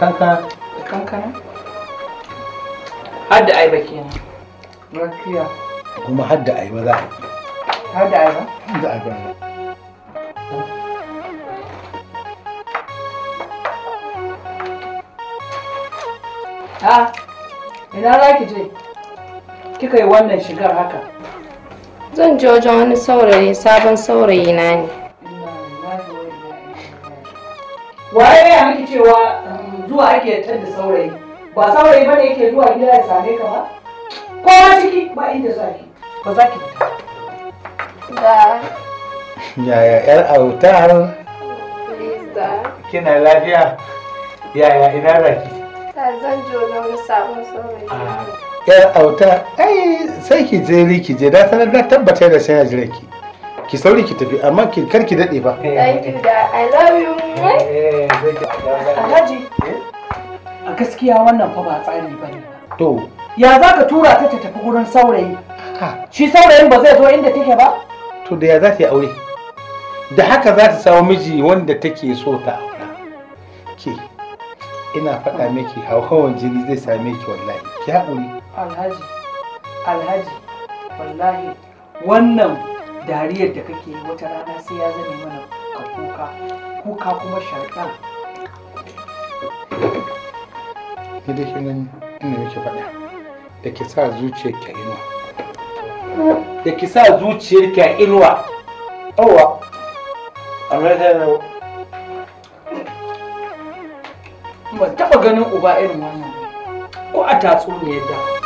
kankana kankana har da aiba kenan rakiya kuma har da aiba za har da aiba har da aiba a ina za ki je kika yi wannan shigar haka zan je wajen wani saurayi sabon saurayi na ne waye ya miki cewa zuwa ake yantar da saurayi ba saurayi bane yake zuwa gida ya same ka ba kowa ciki ba inda za ki ba za ki da yaya yar autar kina lafiya yaya ina raki zan jo na wani sabon saurayi ah. yar auta ai sai ki je ri ki je da sanar da tabbatar da sai ya jira ki ki sauri ki tafi amma ki kar ki dade ba thank you da i love you eh, eh, alhaji eh? gaskiya wannan fa ba tsari ba to ya za ka tura ta ta tafi gurin saurayi shi saurayin ba zai zo inda take ba to da ya za ta yi aure da haka za ta samu miji wanda take so ta ke ina faɗa miki hauhawan jini zai same ki wallahi ki haƙuri alhaji alhaji wallahi wannan dariyar da kake wata rana sai ya zame mana kuka kuka kuma sharɗan ni da kin faɗa da ki sa zuciyar inuwa da ki sa zuciyar ki inuwa amma da taɓa ganin uba irin wannan ko a tatsuniyar da